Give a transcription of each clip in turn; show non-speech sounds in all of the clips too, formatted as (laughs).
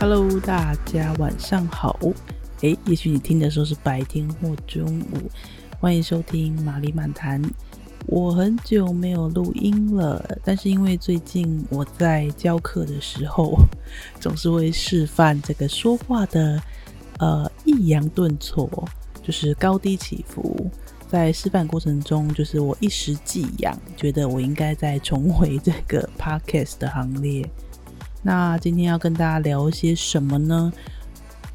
Hello，大家晚上好。誒，也許你聽的時候是白天或中午，歡迎收聽馬力漫談。我很久沒有錄音了，但是因為最近我在教課的時候，總是會示範這個說話的呃抑揚頓挫，就是高低起伏。在示範過程中，就是我一時技癢，覺得我應該再重回這個 podcast 的行列。那今天要跟大家聊一些什麼呢？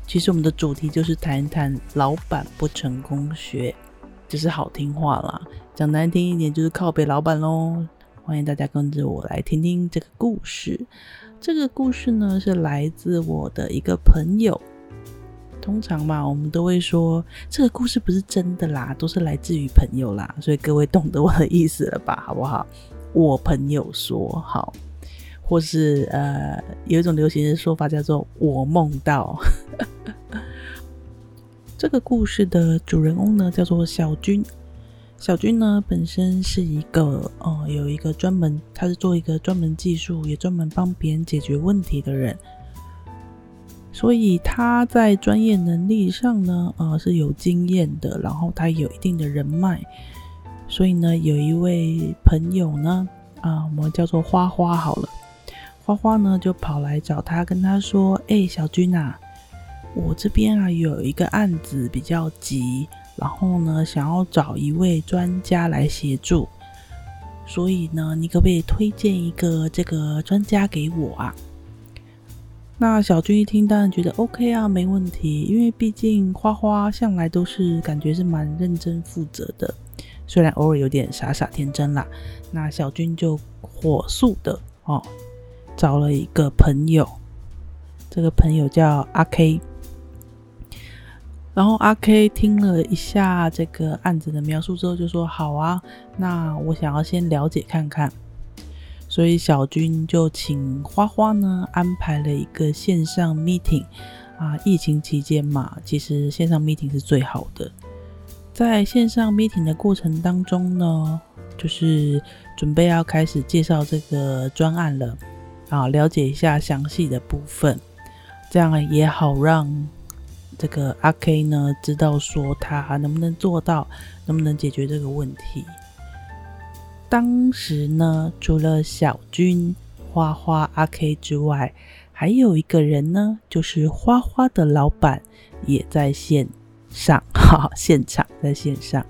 其實我們的主題就是談談老闆不成功學，就是好聽話啦。講難聽一點就是靠北老闆嘍。歡迎大家跟着我來聽聽這個故事。這個故事呢是來自我的一個朋友。通常嘛，我們都會說這個故事不是真的啦，都是來自於朋友啦，所以各位懂得我的意思了吧，好不好？我朋友說好。或是呃，有一種流行的說法叫做“我夢到。” (laughs) 這個故事的主人公呢，叫做小軍。小軍呢，本身是一個呃，有一個專門，他是做一個專門技術，也專門幫別人解決問題的人。所以他在專業能力上呢，呃，是有經驗的。然後他有一定的人脈。所以呢，有一位朋友呢，啊、呃，我們叫做花花好了。花花呢就跑來找他，跟他說：“哎、欸，小君啊，我這邊啊有一個案子比較急，然後呢想要找一位專家來協助，所以呢你可不可以推薦一個這個專家給我啊？”那小君一聽，當然覺得 OK 啊，沒問題，因為畢竟花花向來都是感覺是蠻認真負責的，雖然偶爾有點傻傻天真啦。那小君就火速的哦。找了一個朋友，這個朋友叫阿 K，然後阿 K 聽了一下這個案子的描述之後，就說：“好啊，那我想要先了解看看。”所以小軍就請花花呢安排了一個線上 meeting 啊，疫情期間嘛，其實線上 meeting 是最好的。在線上 meeting 的過程當中呢，就是準備要開始介紹這個專案了。啊，了解一下詳細的部分，這樣也好讓這個阿 K 呢知道說他還能不能做到，能不能解決這個問題。當時呢，除了小軍、花花、阿 K 之外，還有一個人呢，就是花花的老闆也在線上，哈哈，現場在線上。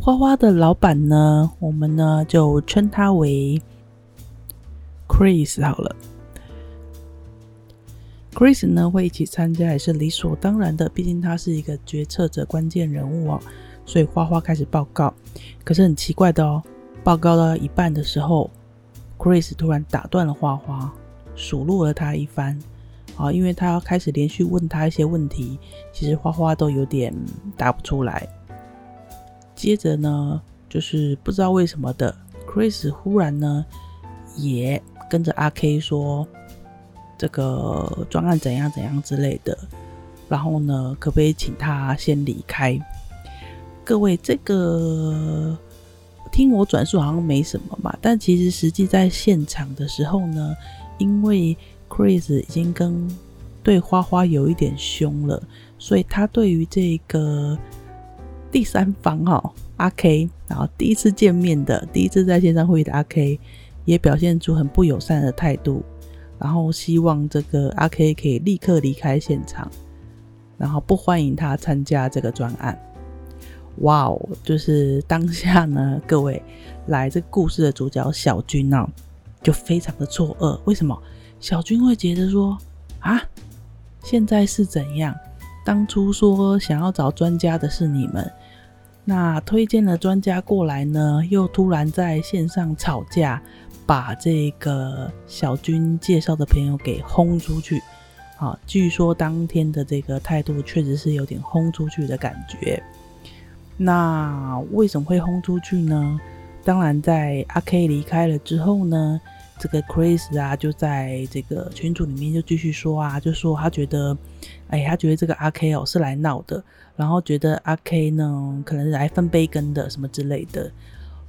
花花的老闆呢，我們呢就稱他為。Chris 好了，Chris 呢會一起參加也是理所當然的，畢竟他是一個決策者關鍵人物哦。所以花花開始報告，可是很奇怪的哦，報告到一半的時候，Chris 突然打斷了花花，數落了他一番。好，因為他要開始連續問他一些問題，其實花花都有點答不出來。接着呢，就是不知道為什麼的 Chris 忽然呢也，跟着阿 K 說，這個專案怎樣怎樣之類的，然後呢，可不可以請他先離開？各位，這個聽我轉述好像沒什麼嘛，但其實實際在現場的時候呢，因為 Chris 已經跟對花花有一點兇了，所以他對於這個第三方哈、哦、阿 K，然後第一次見面的、第一次在線上會議的阿 K。也表現出很不友善的態度，然後希望這個阿 K 可以立刻離開現場，然後不歡迎他參加這個專案。哇哦，就是當下呢，各位來這故事的主角小君呢、喔，就非常的錯愕。為什麼小君會覺得說啊，現在是怎樣？當初說想要找專家的是你們，那推薦了專家過來呢，又突然在線上吵架。把這個小軍介紹的朋友給轟出去，好，啊，據說當天的這個態度確實是有點轟出去的感覺。那為什麼會轟出去呢？當然，在阿 K 離開了之後呢，這個 Chris 啊就在這個群組裡面就繼續說啊，就說他覺得，哎，欸，他覺得這個阿 K 哦是來鬧的，然後覺得阿 K 呢可能是來分杯羹的什麼之類的。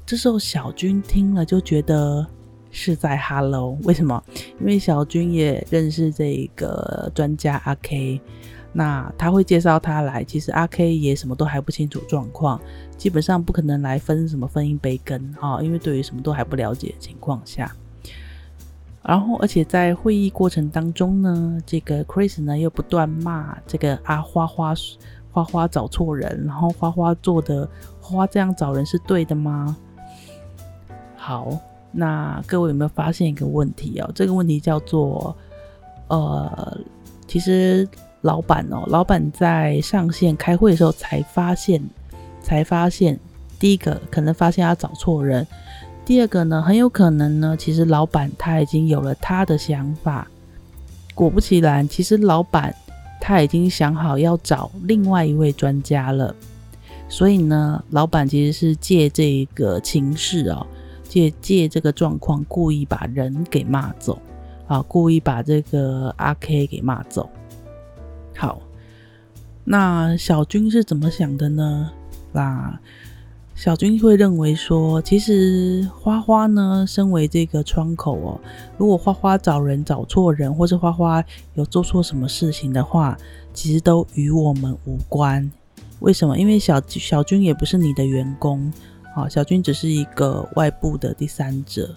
這時候小軍聽了就覺得，是在 Hello，為什麼？因為小軍也認識這個專家阿 K，那他會介紹他來。其實阿 K 也什麼都還不清楚狀況，基本上不可能來分什麼分一杯羹啊，因為對於什麼都還不了解的情況下。然後，而且在會議過程當中呢，這個 Chris 呢又不斷罵這個阿花花，花花找錯人，然後花花做的，花花這樣找人是對的嗎？好。那各位有沒有發現一個問題哦？這個問題叫做，呃，其實老板哦，老板在上線開會的時候才發現，才發現第一個可能發現他找錯人，第二個呢，很有可能呢，其實老板他已經有了他的想法。果不其然，其實老板他已經想好要找另外一位專家了，所以呢，老板其實是借這個情勢哦。借借這個狀況，故意把人給罵走啊！故意把這個阿 K 給罵走。好，那小軍是怎麼想的呢？啦，小軍會認為說，其實花花呢，身為這個窗口哦，如果花花找人找錯人，或是花花有做錯什麼事情的話，其實都與我們無關。為什麼？因為小小軍也不是你的員工。好，小君只是一個外部的第三者。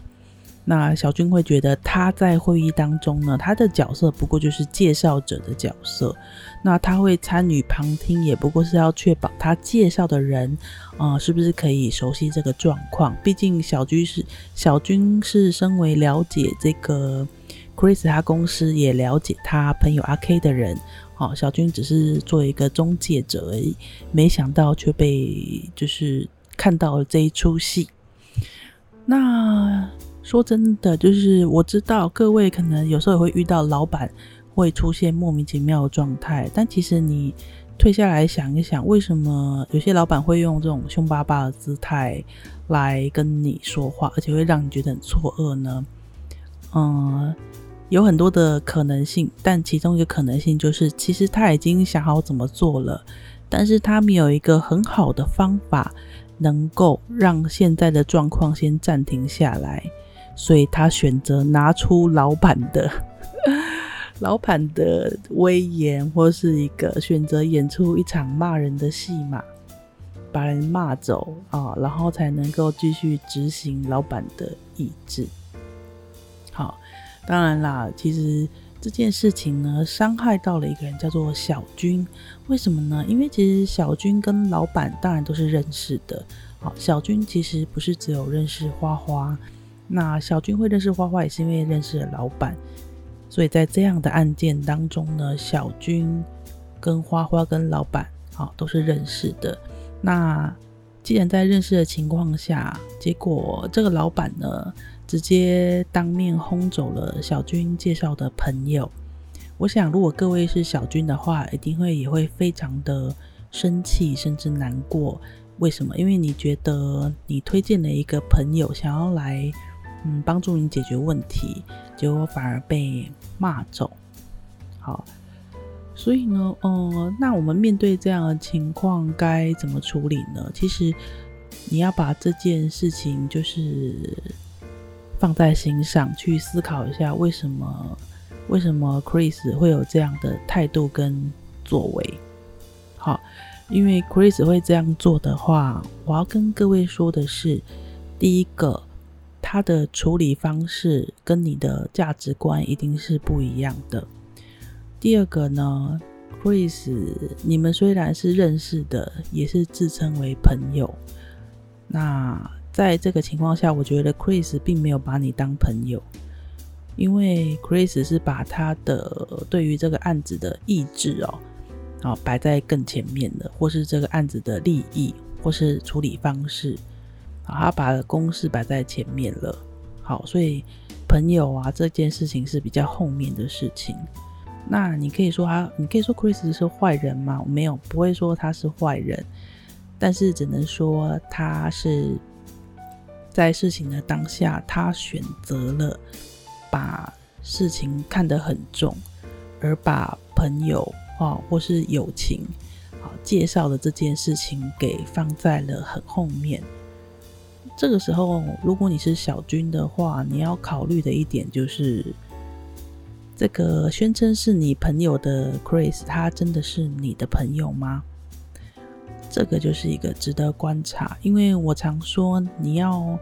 那小君會覺得他在會議當中呢，他的角色不過就是介紹者的角色。那他會參與旁聽，也不過是要確保他介紹的人啊、呃，是不是可以熟悉這個狀況？畢竟小君是小君是身為了解這個 Chris 他公司，也了解他朋友阿 K 的人。哦，小君只是做一個中介者而已，沒想到卻被就是。看到了這一出戲，那說真的，就是我知道各位可能有時候也會遇到老板會出現莫名其妙的狀態，但其實你退下來想一想，為什麼有些老板會用這種凶巴巴的姿態來跟你說話，而且會讓你覺得很錯愕呢？嗯，有很多的可能性，但其中一個可能性就是，其實他已經想好怎麼做了，但是他沒有一個很好的方法。能夠讓現在的狀況先暫停下來，所以他選擇拿出老闆的呵呵，老闆的威嚴，或是一個選擇演出一場罵人的戲碼，把人罵走啊，然後才能夠繼續執行老闆的意志。好，當然啦，其實。這件事情呢，傷害到了一個人，叫做小君。為什麼呢？因為其實小君跟老闆當然都是認識的。好，小君其實不是只有認識花花，那小君會認識花花，也是因為認識了老闆。所以在這樣的案件當中呢，小君跟花花跟老闆啊都是認識的。那既然在認識的情況下，結果這個老闆呢？直接當面轟走了小軍介紹的朋友。我想，如果各位是小軍的話，一定會也會非常的生氣，甚至難過。為什麼？因為你覺得你推薦了一個朋友，想要來嗯幫助你解決問題，結果反而被罵走。好，所以呢，呃，那我們面對這樣的情況該怎麼處理呢？其實你要把這件事情就是。放在心上，去思考一下為什麼為什麼 Chris 會有這樣的態度跟作為。好，因為 Chris 會這樣做的話，我要跟各位說的是，第一個，他的處理方式跟你的價值觀一定是不一樣的。第二個呢，Chris，你們雖然是認識的，也是自稱為朋友，那。在這個情況下，我覺得 Chris 並沒有把你當朋友，因為 Chris 是把他的對於這個案子的意志哦，擺在更前面的，或是這個案子的利益，或是處理方式，他把他公事擺在前面了。好，所以朋友啊這件事情是比較後面的事情。那你可以說他，你可以說 Chris 是壞人嗎？我沒有，不會說他是壞人，但是只能說他是。在事情的當下，他選擇了把事情看得很重，而把朋友啊或是友情啊介紹的這件事情給放在了很後面。這個時候，如果你是小君的話，你要考慮的一點就是，這個宣稱是你朋友的 Chris，他真的是你的朋友嗎？這個就是一個值得觀察，因為我常說你要，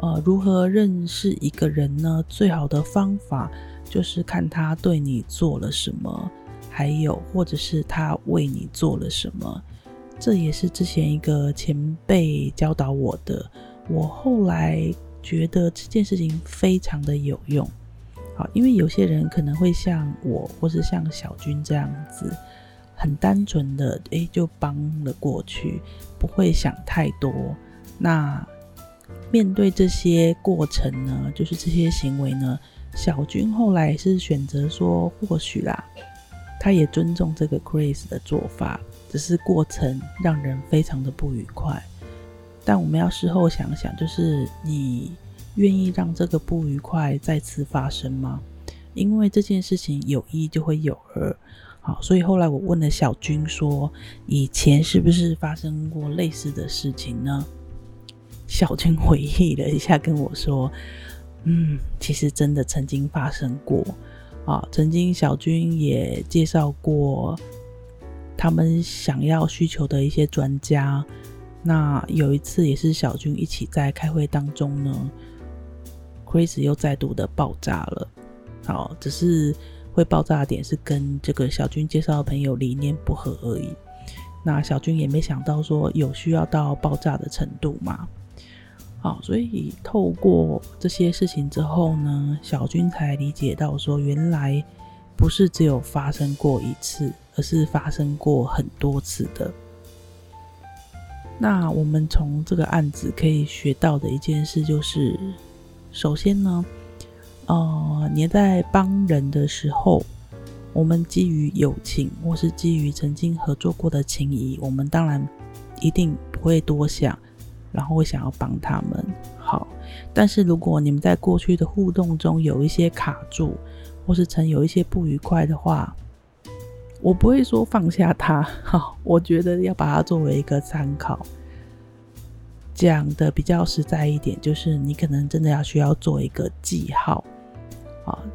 呃，如何認識一個人呢？最好的方法就是看他對你做了什麼，還有或者是他為你做了什麼。這也是之前一個前輩教導我的，我後來覺得這件事情非常的有用。好，因為有些人可能會像我，或是像小君這樣子。很單純的，誒，就幫了過去，不會想太多。那面對這些過程呢，就是這些行為呢，小軍後來是選擇說，或許啦，他也尊重這個 Chris 的做法，只是過程讓人非常的不愉快。但我們要事後想想，就是你願意讓這個不愉快再次發生嗎？因為這件事情有一就會有二。好，所以後來我問了小君說：“以前是不是發生過類似的事情呢？”小君回憶了一下，跟我說：“嗯，其實真的曾經發生過。啊，曾經小君也介紹過他們想要需求的一些專家。那有一次也是小君一起在開會當中呢，Crazy 又再度的爆炸了。好，只是。”會爆炸的點是跟這個小軍介紹的朋友理念不合而已，那小軍也沒想到說有需要到爆炸的程度嘛。好，所以透過這些事情之後呢，小軍才理解到說，原來不是只有發生過一次，而是發生過很多次的。那我們從這個案子可以學到的一件事就是，首先呢，呃，你在幫人的時候，我們基於友情或是基於曾經合作過的情誼，我們當然一定不會多想，然後會想要幫他們。好，但是如果你們在過去的互動中有一些卡住，或是曾有一些不愉快的話，我不會說放下它。好， (laughs) 我覺得要把它作為一個參考，講的比較實在一點，就是你可能真的要需要做一個記號。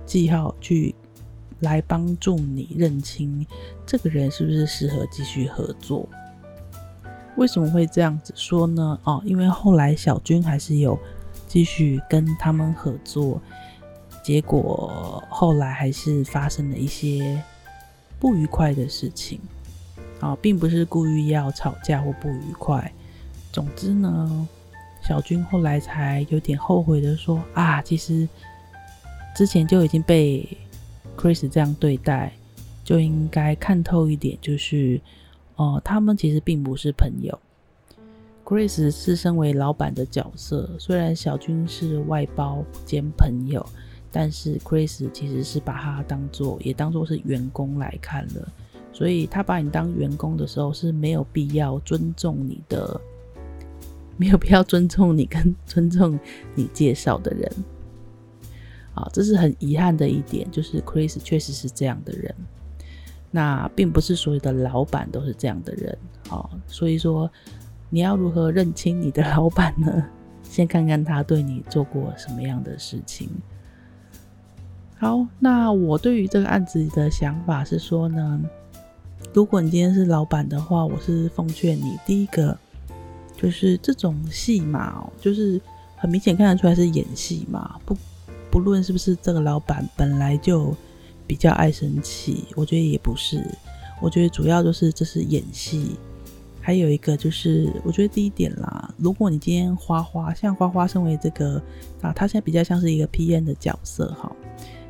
記號去來幫助你認清這個人是不是適合繼續合作？為什麼會這樣子說呢？哦，因為後來小軍還是有繼續跟他們合作，結果後來還是發生了一些不愉快的事情。啊、哦，並不是故意要吵架或不愉快。總之呢，小軍後來才有點後悔的說：“啊，其實。”之前就已經被 Chris 這樣對待，就應該看透一點，就是哦、呃，他們其實並不是朋友。Chris 是身為老闆的角色，雖然小軍是外包兼朋友，但是 Chris 其實是把他當做也當做是員工來看了，所以他把你當員工的時候是沒有必要尊重你的，沒有必要尊重你跟尊重你介紹的人。啊，這是很遺憾的一點，就是 Chris 確實是這樣的人。那並不是所有的老闆都是這樣的人，好，所以說你要如何認清你的老闆呢？先看看他對你做過什麼樣的事情。好，那我對於這個案子的想法是說呢，如果你今天是老闆的話，我是奉勸你，第一個就是這種戲碼，就是很明顯看得出來是演戲嘛，不。不論是不是這個老闆本來就比較愛生氣，我覺得也不是。我覺得主要就是這是演戲，還有一個就是我覺得第一點啦，如果你今天花花像花花，身為這個啊，他現在比較像是一個 PM 的角色哈。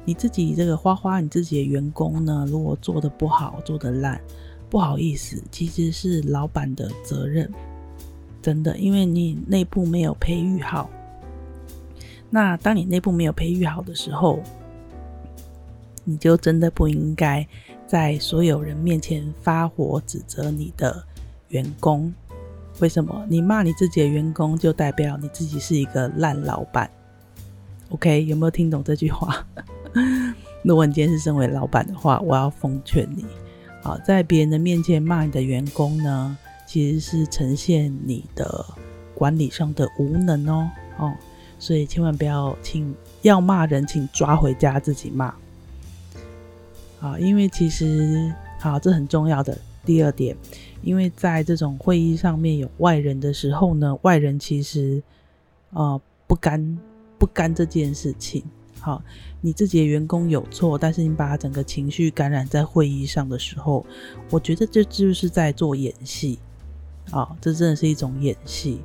你自己這個花花，你自己的員工呢，如果做的不好，做的爛，不好意思，其實是老闆的責任，真的，因為你內部沒有培育好。那當你內部沒有培育好的時候，你就真的不應該在所有人面前發火指責你的員工。為什麼？你罵你自己的員工，就代表你自己是一個爛老闆。OK，有沒有聽懂這句話？ (laughs) 如果你今天是身為老闆的話，我要奉勸你：好，在別人的面前罵你的員工呢，其實是呈現你的管理上的無能哦。哦。所以千萬不要請，請要罵人，請抓回家自己罵。啊，因為其實，好，這很重要的第二點，因為在這種會議上面有外人的時候呢，外人其實，啊、呃，不干不干這件事情。好，你自己的員工有錯，但是你把他整個情緒感染在會議上的時候，我覺得這就是在做演戲。啊，這真的是一種演戲。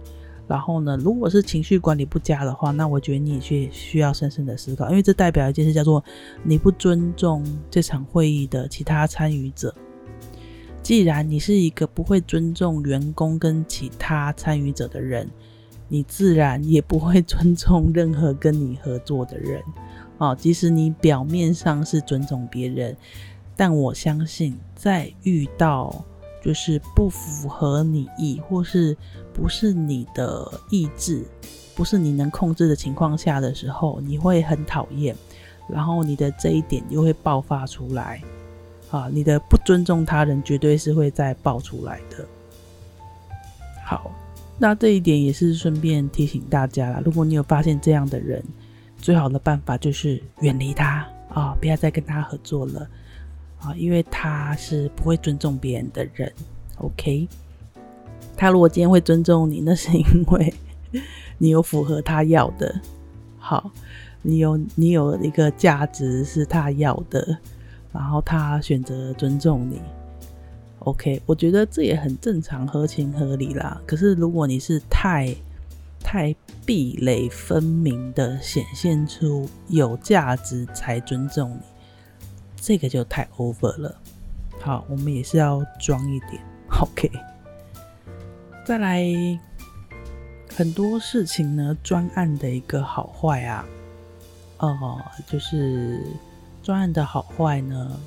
然後呢，如果是情緒管理不佳的話，那我覺得你去需要深深的思考，因為這代表一件事，叫做你不尊重這場會議的其他參與者。既然，你是一個不會尊重員工跟其他參與者的人，你自然也不會尊重任何跟你合作的人。啊、哦，即使你表面上是尊重別人，但我相信在遇到就是不符合你意，或是……不是你的意志，不是你能控制的情況下的時候，你會很討厭，然後你的這一點又會爆發出來，啊，你的不尊重他人絕對是會再爆出來的。好，那這一點也是順便提醒大家啦，如果你有發現這樣的人，最好的辦法就是遠離他啊，不要再跟他合作了，啊，因為他是不會尊重別人的人，OK。他如果今天會尊重你，那是因為你有符合他要的，好，你有你有一個價值是他要的，然後他選擇尊重你。OK，我覺得這也很正常，合情合理啦。可是如果你是太太壁壘分明的顯現出有價值才尊重你，這個就太 over 了。好，我們也是要裝一點。OK。再來很多事情呢，專案的一個好壞啊，哦、呃，就是專案的好壞呢，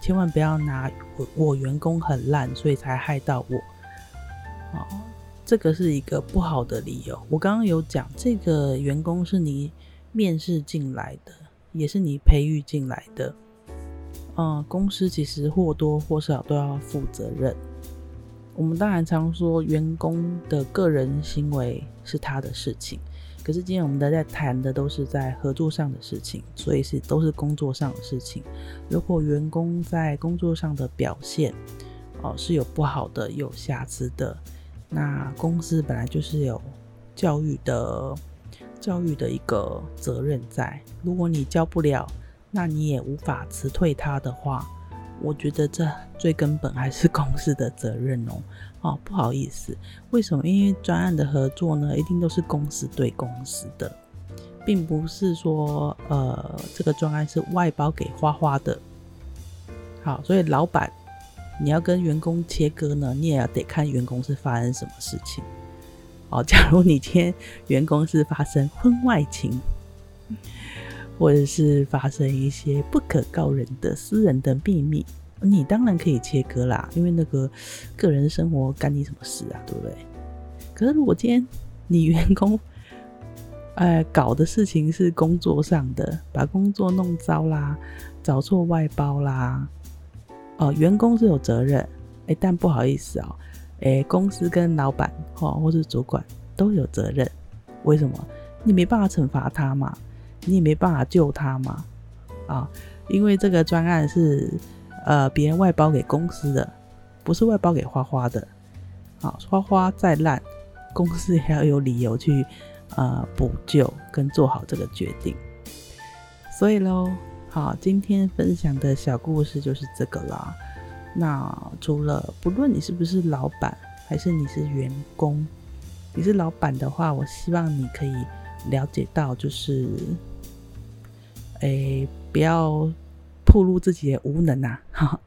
千萬不要拿我，我員工很爛，所以才害到我。哦、呃，這個是一個不好的理由。我剛剛有講，這個員工是你面試進來的，也是你培育進來的。嗯、呃，公司其實或多或少都要負責任。我們當然常說員工的個人行為是他的事情，可是今天我們大家談的都是在合作上的事情，所以是都是工作上的事情。如果員工在工作上的表現哦、呃、是有不好的、有瑕疵的，那公司本來就是有教育的、教育的一個責任在。如果你教不了，那你也無法辭退他的話。我覺得這最根本還是公司的責任哦。哦，不好意思，為什麼？因為專案的合作呢，一定都是公司對公司的，並不是說呃，這個專案是外包給花花的。好，所以老闆，你要跟員工切割呢，你也要得看員工是發生什麼事情。好，假如你今天員工是發生婚外情。或者是發生一些不可告人的私人的秘密，你當然可以切割啦，因為那個個人生活干你什麼事啊，對不對？可是如果今天你員工哎、呃、搞的事情是工作上的，把工作弄糟啦，找錯外包啦，哦、呃，員工是有責任，欸、但不好意思哦，欸、公司跟老闆哈或是主管都有責任，為什麼？你沒辦法懲罰他嘛。你也沒辦法救他嘛，啊？因為這個專案是，呃，別人外包給公司的，不是外包給花花的。好，啊，花花再爛，公司也要有理由去，呃，補救跟做好這個決定。所以嘍，好，今天分享的小故事就是這個啦。那除了不論你是不是老闆，還是你是員工，你是老闆的話，我希望你可以了解到就是。哎、欸，不要暴露自己的無能啊！哈，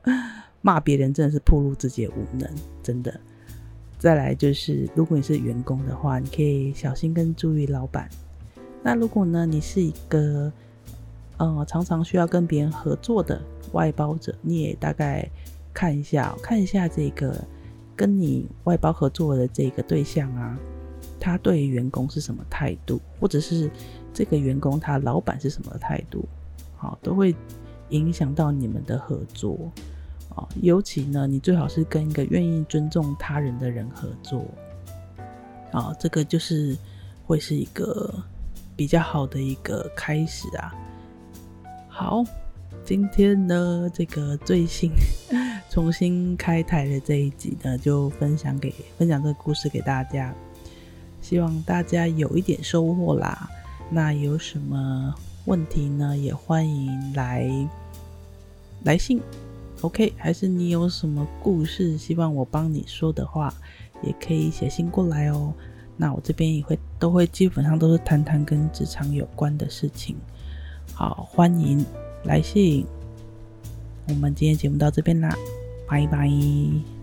罵別人真的是暴露自己的無能，真的。再來就是，如果你是員工的話，你可以小心跟注意老闆。那如果呢，你是一個呃常常需要跟別人合作的外包者，你也大概看一下、哦，看一下這個跟你外包合作的這個對象啊。他對員工是什麼態度，或者是這個員工他老闆是什麼態度，好，都會影響到你們的合作啊。尤其呢，你最好是跟一個願意尊重他人的人合作，啊，這個就是會是一個比較好的一個開始啊。好，今天呢，這個最新 (laughs) 重新開台的這一集呢，就分享給分享這個故事給大家。希望大家有一點收穫啦。那有什麼問題呢？也歡迎來來信。OK，還是你有什麼故事，希望我幫你說的話，也可以寫信過來哦。那我這邊也會都會基本上都是談談跟職場有關的事情。好，歡迎來信。我們今天節目到這邊啦，拜拜。